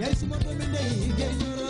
yaay suma doomi ndey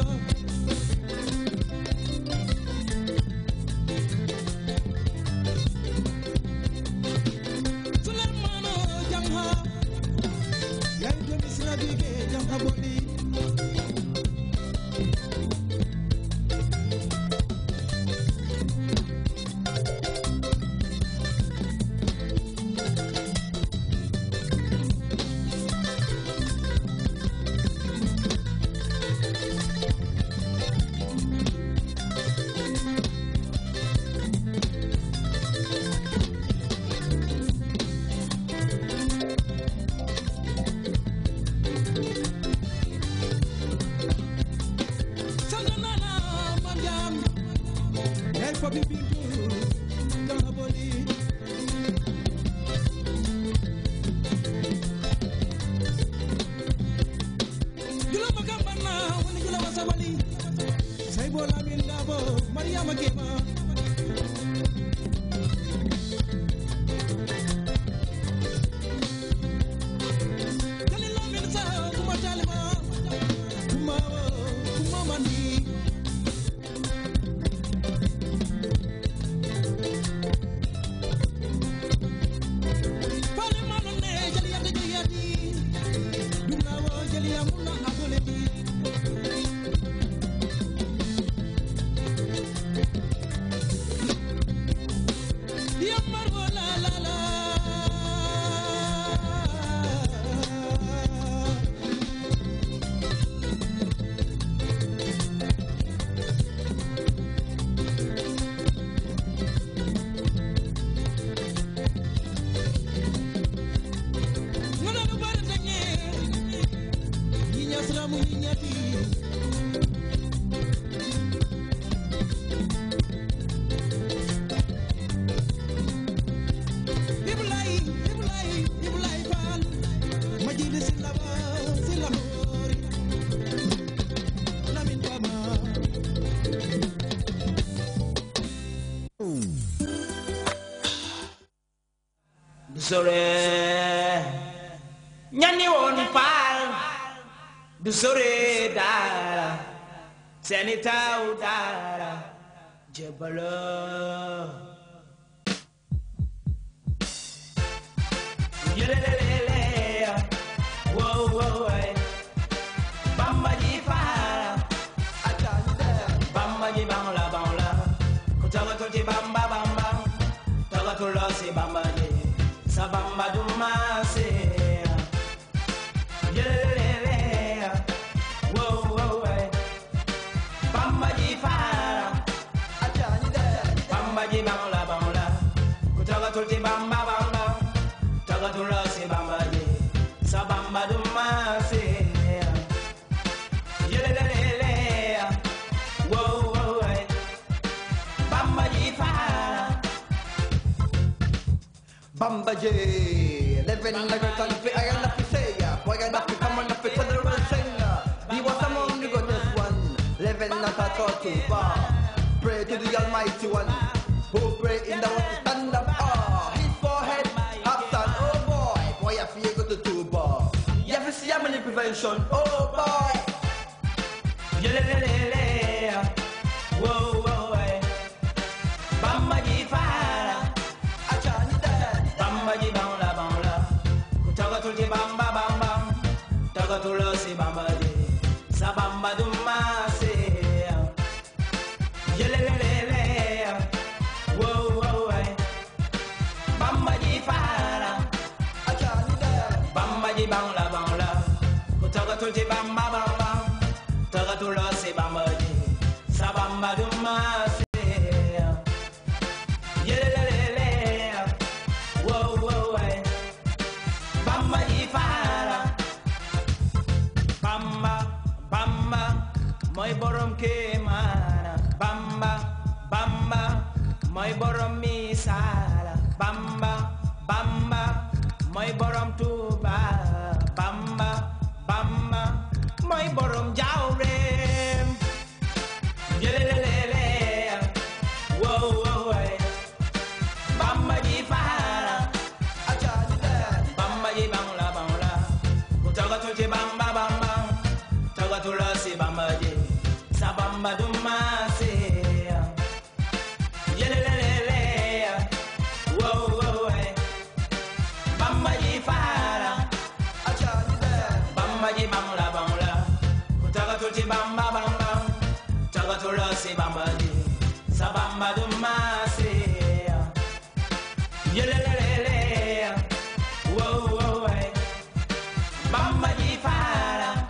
I'm Adolescent. sore ñani woon paal du sore daara seeni taaw daara jébbaloo yelelelele wow wow bamba ji faara bamba ji bang la bang la ku tagatu bamba bamba tagatu loo si bamba Sabamba Dumase. Bamba di bangla bangla, kutaga tulti bamba. Bamba J. Living life is on I am not say Boy, I'm not fit, I'm not fit, the real singer. You want some only got this one. Living not at all too far. Pray to the Almighty One. Who pray in the one to stand up? Oh, his forehead, after oh boy. Boy, I feel good to two bar. You have to see how many prevention, oh boy. Yeah, yeah, yeah, yeah. Whoa. Sabamba Dumase. Yelelelele. Eh. Bamba di fara. Bamba di bangla bamba bamba. bamba di. Sabamba Dumase. ke maana bamba bamba mooy borom mi saa si bamba di sa bamba du masi yelelelele wo wo wai bamba di fara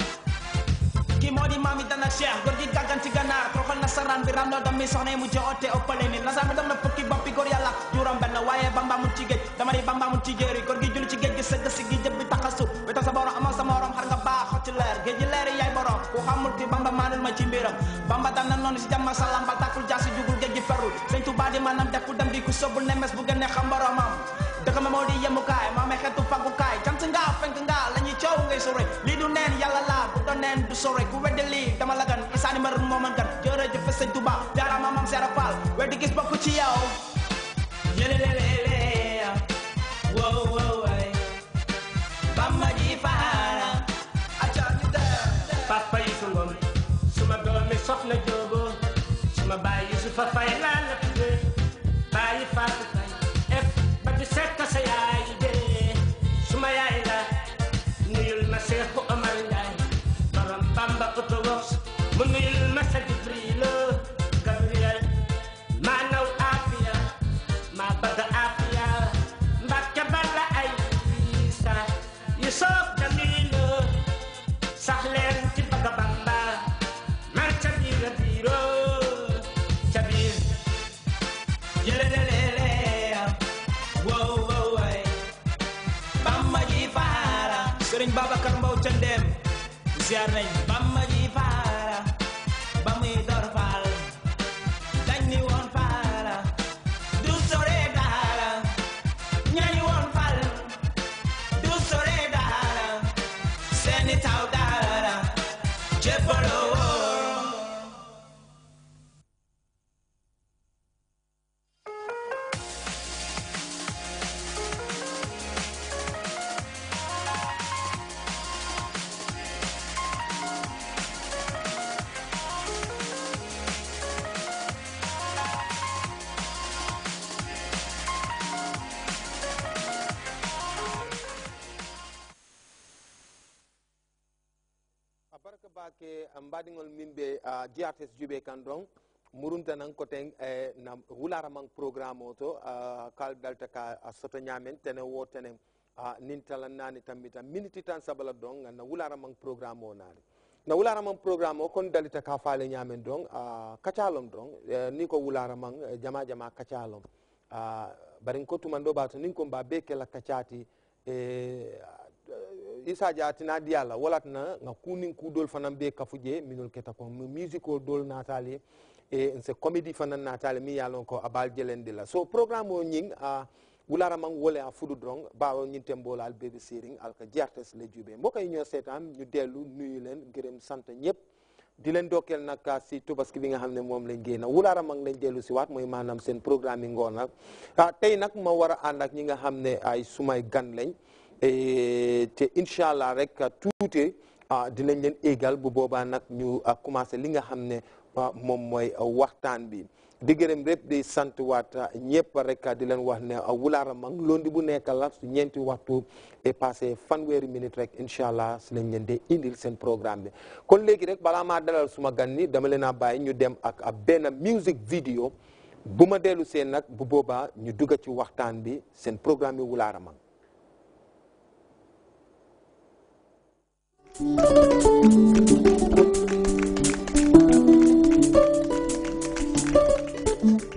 ki modi mami dana cheikh gor di gagan ci gana troxal na saran bi ramla dami soxna mu joote opale ni la sa mi dam na fukki boppi gor yalla juram ben waye bamba mu ci geej dama ni bamba mu ci geeri gor gi jul ci geej gi seug ci gi jeb bi taxasu bi sa borom amal sa morom har nga baax ci leer geej leer famulti bamba manel ma ci mbiram bamba dal na non ci jam salam ba takul jassu jugul geej ferru señ tuba di manam jakku dam bi ku sobul nemes bu gene xam boromam dega ma modi di kay ma me xetu kay cant nga fenk nga lañi ciow ngay sore li du nen yalla la bu do nen du sore ku weddi li dama la gan isaani ma moo man gan jërëjëf sëñ tuba jaaraama mam serapal, faal gis bokku ci yow soxla joobo sama baay Yusufa Fay laa la tudde baayi Faatu Fay ef ba di sekk sa yaay de suma yaay la nuyul ma Seexu Omar Njaay borom Bamba autobox mu nuyul Zerrin waraka bake eh, mbaɗigol min ɓe jrts eh, juɓe kan ɗon murunta nan koten e eh, na wularaman programme o to kal dalta ka soto ñamen tene wo tenen nin talan nani tammita miniti tan sabala ɗon na wularaman programme o naani na wularaman programme o kon dalita ka faale ñamen ɗon kacalom ɗon ni ko wularaman jama jama kacalom barin ko tuman ɗo ɓa to nin ko mba be kela kacati e isajatina di ala walatna nga kunin ku dol fanan be kafuje minol keta ko musical dol natali e se comedy fanan natali mi yalon ko abal jelende la so programme o nying a wulara mang wole a fudu drong bawo nyintem bolal baby searing alka jartes le jube mbokay ñoo setan ñu delu nuyu len gërem sante ñep di leen dokkeel nag si tubaski bi nga xam ne moom lañ génn wulaara mag lañ dellu si waat mooy maanaam seen programme yi ngoon tey nag ma war a ànd ak ñi nga xam ne ay sumay gan lañ te incha allah rek tuute ah, dinañ leen igal bu boobaa nag ñu ah, commencé li nga xam ne ah, moom mooy waxtaan bi di gërëm rek di sant waat ñëpp rek di leen wax ne wulaara mang londi bu nekk la su ñeenti waxtu et passé fanweeri minute rek incha allah si lañ leen di indil seen programme bi kon léegi rek balaa maa dalal suma gan ni dama leen a bàyyi ñu dem ak a benn music video bu ma dellu seen nag bu boobaa ñu dugg ci waxtaan bi seen programme yi wulaara mang Thank you.